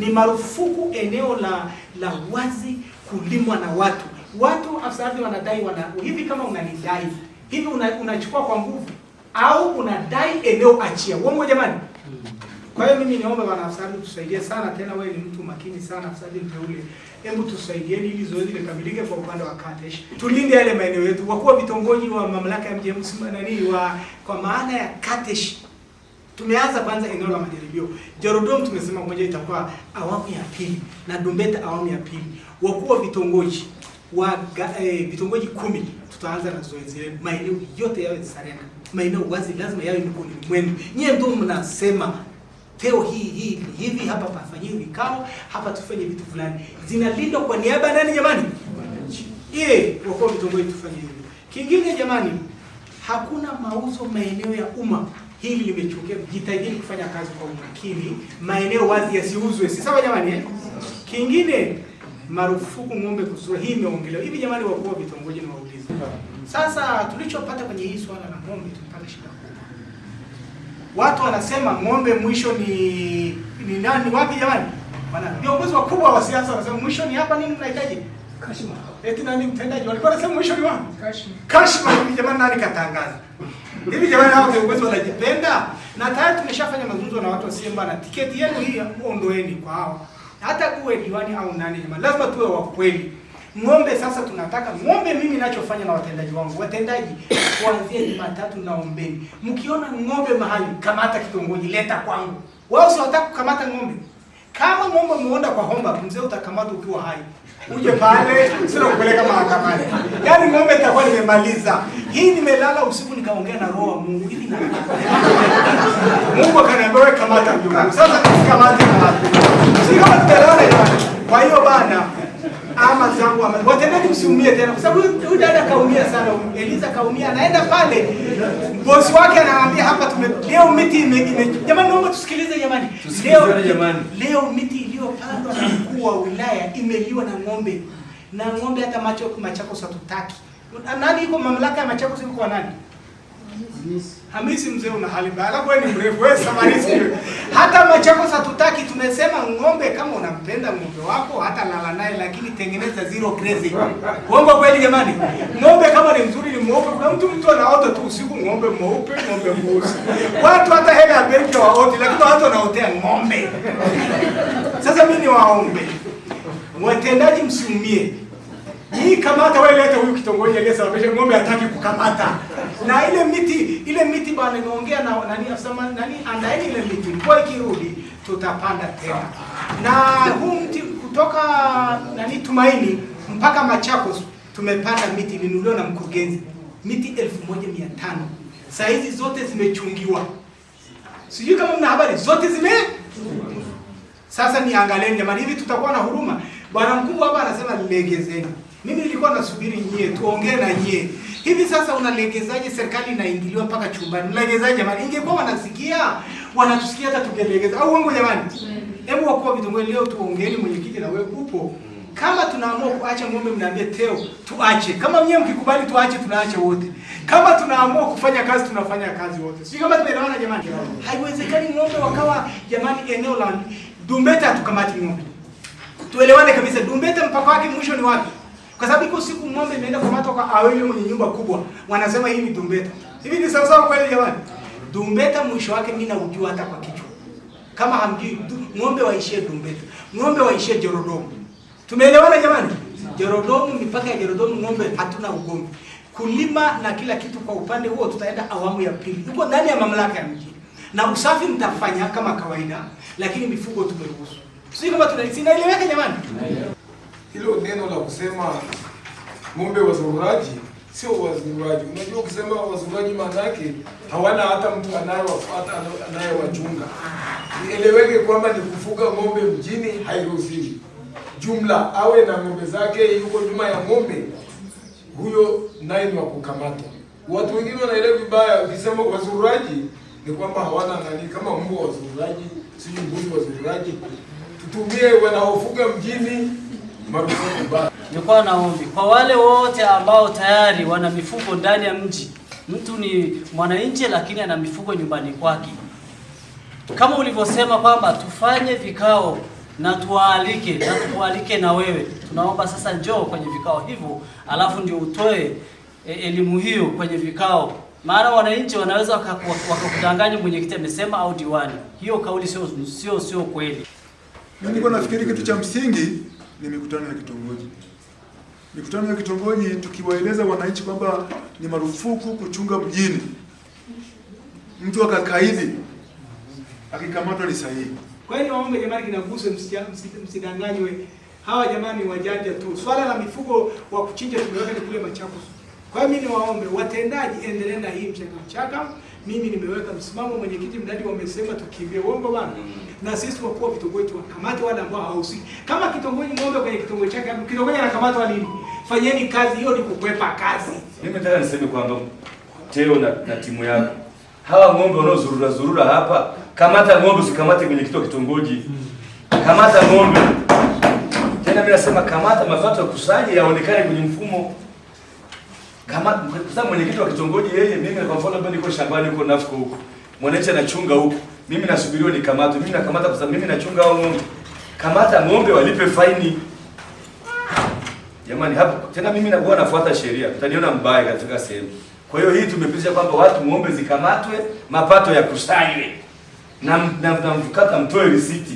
Ni marufuku eneo la la wazi kulimwa na watu. Watu afsaadi wanadai wana, hivi kama unalidai hivi una, unachukua kwa nguvu au unadai eneo achia. Uongo jamani. Kwa hiyo mimi niombe wana afsaadi tusaidie sana tena, wewe ni mtu makini sana afsaadi mteule. Hebu tusaidieni ili zoezi likamilike kwa upande wa Kadesh. Tulinde yale maeneo yetu. Wakuu wa vitongoji wa mamlaka ya mji wa kwa maana ya Kadesh Tumeanza kwanza eneo la majaribio. Jarodom tumesema moja itakuwa awamu ya pili na Dumbeta awamu ya pili. Wakuu wa vitongoji wa eh, vitongoji kumi tutaanza na zoezi ile maeneo yote yawe sarena. Maeneo wazi lazima yawe kuni mwenu. Nyie ndio mnasema teo hii hii hivi hapa pafanyie vikao, hapa tufanye vitu fulani. Zinalindwa kwa niaba nani jamani? Ile eh, wakuu wa vitongoji tufanye hivyo. Kingine jamani, hakuna mauzo maeneo ya umma hili limechukia, jitahidini kufanya kazi kwa umakini, maeneo wazi yasiuzwe, si sawa jamani eh? Kingine marufuku ng'ombe kuzua, hii imeongelewa hivi jamani, wakuu wa vitongoji na waulizi. Sasa tulichopata kwenye hii swala la ng'ombe, tumepata shida kubwa. Watu wanasema ng'ombe mwisho ni ni nani, wapi jamani? Maana viongozi wakubwa wa siasa wanasema mwisho ni hapa, nini mnahitaji Kashma. Eti nani mtendaji? Walikuwa wanasema mwisho ni wapi? Kashma. Kashma hivi jamani nani katangaza? Hivi jamani hao viongozi wanajipenda na tayari tumeshafanya mazungumzo na watu wa Simba na tiketi yenu hii muondoeni kwa hao. Hata kuwe diwani au nani jamani lazima tuwe wa kweli. Ng'ombe sasa tunataka ng'ombe mimi ninachofanya na watendaji wangu. Watendaji kuanzia Jumatatu naombeni. Mkiona ng'ombe mahali kamata kitongoji leta kwangu. Wao si wataka kukamata ng'ombe. Kama mwomba muonda kwa homba, mzee utakamatwa ukiwa hai. Uje pale sio kupeleka mahakamani. Yaani ng'ombe itakuwa nimemaliza. Hii nimelala usiku nikaongea na roho wa Mungu hivi na. Mungu akaniambia wewe kamata Sasa kamata kamata. Sio kama tutaelewana. Kwa hiyo bana ama zangu ama watendaji, msiumie tena, kwa sababu huyu dada kaumia sana, Eliza kaumia, anaenda pale bosi wake anamwambia hapa tume, leo miti ime, jamani, naomba tusikilize jamani, leo jamani, leo miti iliyopandwa na mkuu wa wilaya imeliwa na ng'ombe na ng'ombe, hata macho Machakos hatutaki. Nani iko mamlaka ya Machakos iko kwa nani? Hamisi mzee, una hali mbaya, alafu wewe ni mrefu wewe, samani siwe hata Machakos hatutaki. Tumesema ng'ombe, kama unampenda ng'ombe wako hata lala naye, lakini tengeneza zero grazing. Uongo kweli jamani? Ng'ombe kama ni mzuri, ni mweupe. Kuna mtu mtu anaota tu usiku ng'ombe mweupe, ng'ombe mweusi. Watu hata hela ya benki hawaoti, lakini watu wanaotea ng'ombe. Sasa mimi ni waombe watendaji, msiumie hii. Kamata wewe, leta huyu kitongoji aliyesababisha ng'ombe hataki kukamata na ile miti ile miti bwana, nimeongea na nani, asema nani, andaeni ile miti, kwa ikirudi tutapanda tena. Na huu mti kutoka nani, Tumaini mpaka Machakos tumepanda miti ninulio na mkurugenzi, miti 1500 moja mia saa hizi zote zimechungiwa, sijui kama mna habari, zote zime sasa. Niangalieni jamani, hivi tutakuwa na huruma? Bwana mkubwa hapa anasema legezeni. Mimi nilikuwa nasubiri nyie tuongee na nyie. Hivi sasa unalegezaje serikali inaingiliwa mpaka chumbani? Unalegezaje jamani? Ingekuwa wanasikia, wanatusikia hata tungelegeza. Au wangu jamani? Hebu wakuwa wa leo tuongeeni, mwenyekiti na wewe upo. Kama tunaamua kuacha ng'ombe mnaambie teo tuache. Kama mnyewe mkikubali tuache tunaacha wote. Kama tunaamua kufanya kazi tunafanya kazi wote. Sio kama tumeelewana jamani. Haiwezekani ng'ombe wakawa jamani eneo la Dumbeta tukamati ng'ombe. Tuelewane kabisa Dumbeta mpaka wake mwisho ni wapi? Kwa sababu iko siku ng'ombe imeenda kumatwa kwa awali mwenye nyumba kubwa. Wanasema hii ni dumbeta. Hivi ni sawa sawa kweli jamani? Dumbeta mwisho wake mimi naujua hata kwa kichwa. Kama hamjui ng'ombe waishie dumbeta. Ng'ombe waishie jorodomu. Tumeelewana jamani? Jerodomu mipaka ya jorodomu, ng'ombe hatuna ugomvi. Kulima na kila kitu kwa upande huo tutaenda awamu ya pili. Uko ndani ya mamlaka ya mji. Na usafi mtafanya kama kawaida, lakini mifugo tumeruhusu. Sio kama tunalisi naeleweka jamani? Yeah hilo neno la kusema ng'ombe wazururaji sio wazururaji. Unajua, ukisema wazururaji maana hawana hata mtu anayewafuata anayewachunga. Nieleweke kwamba ni kufuga ng'ombe mjini hairuhusiwi. Jumla awe na ng'ombe zake, yuko nyuma ya ng'ombe, huyo naye ni wa kukamatwa. Watu wengine wanaelewa vibaya, ukisema wazururaji ni kwamba hawana nani, kama mbwa wazururaji, sijui mbuzi wazururaji. Tutumie wanaofuga mjini Nilikuwa naombi kwa wale wote ambao tayari wana mifugo ndani ya mji. Mtu ni mwananchi lakini ana mifugo nyumbani kwake, kama ulivyosema kwamba tufanye vikao na tuwaalike na tuwaalike na wewe, tunaomba sasa njoo kwenye vikao hivyo, alafu ndio utoe e, elimu hiyo kwenye vikao, maana wananchi wanaweza wakakudanganya, mwenyekiti amesema au diwani. Hiyo kauli sio sio sio kweli. Mimi niko nafikiri kitu cha msingi ni mikutano ya kitongoji. Mikutano ya kitongoji tukiwaeleza wananchi kwamba ni marufuku kuchunga mjini, mtu akakaidi akikamatwa ni sahihi. Kwa hiyo niwaombe jamani, kinaguswe, msidanganywe. Hawa jamani wajanja tu. Swala la mifugo wa kuchinja tumeweka ni kule machaku. Kwa hiyo mimi niwaombe watendaji, endelea na hii mchaka mchaka mimi nimeweka msimamo, mwenyekiti mradi wamesema tukimbie. Uongo bwana. Na sisi tunakuwa vitongoji tuwakamate wale ambao hawahusiki. Kama kitongoji ng'ombe kwenye kitongoji chake, kitongoji anakamatwa nini? Fanyeni kazi, hiyo ni kukwepa kazi. Mimi nataka niseme kwamba Teo na, na timu yako hawa ng'ombe wanaozurura zurura hapa, kamata ng'ombe, usikamate kwenye kituo kitongoji. Kamata ng'ombe tena, mimi nasema kamata mapato ya kusaji yaonekane kwenye mfumo kama sasa mwenyekiti wa kitongoji yeye, mimi kwa mfano labda niko shambani huko nafuko huko, mwananchi anachunga huko, mimi nasubiriwa nikamatwe, mimi nakamata kwa sababu mimi nachunga hao ng'ombe. Kamata ng'ombe walipe faini. Jamani, hapo tena mimi nakuwa nafuata sheria, mtaniona mbaya katika sehemu. Kwa hiyo hii tumepitisha kwamba watu ng'ombe zikamatwe, mapato ya kusanywe na na mvukata mtoe risiti.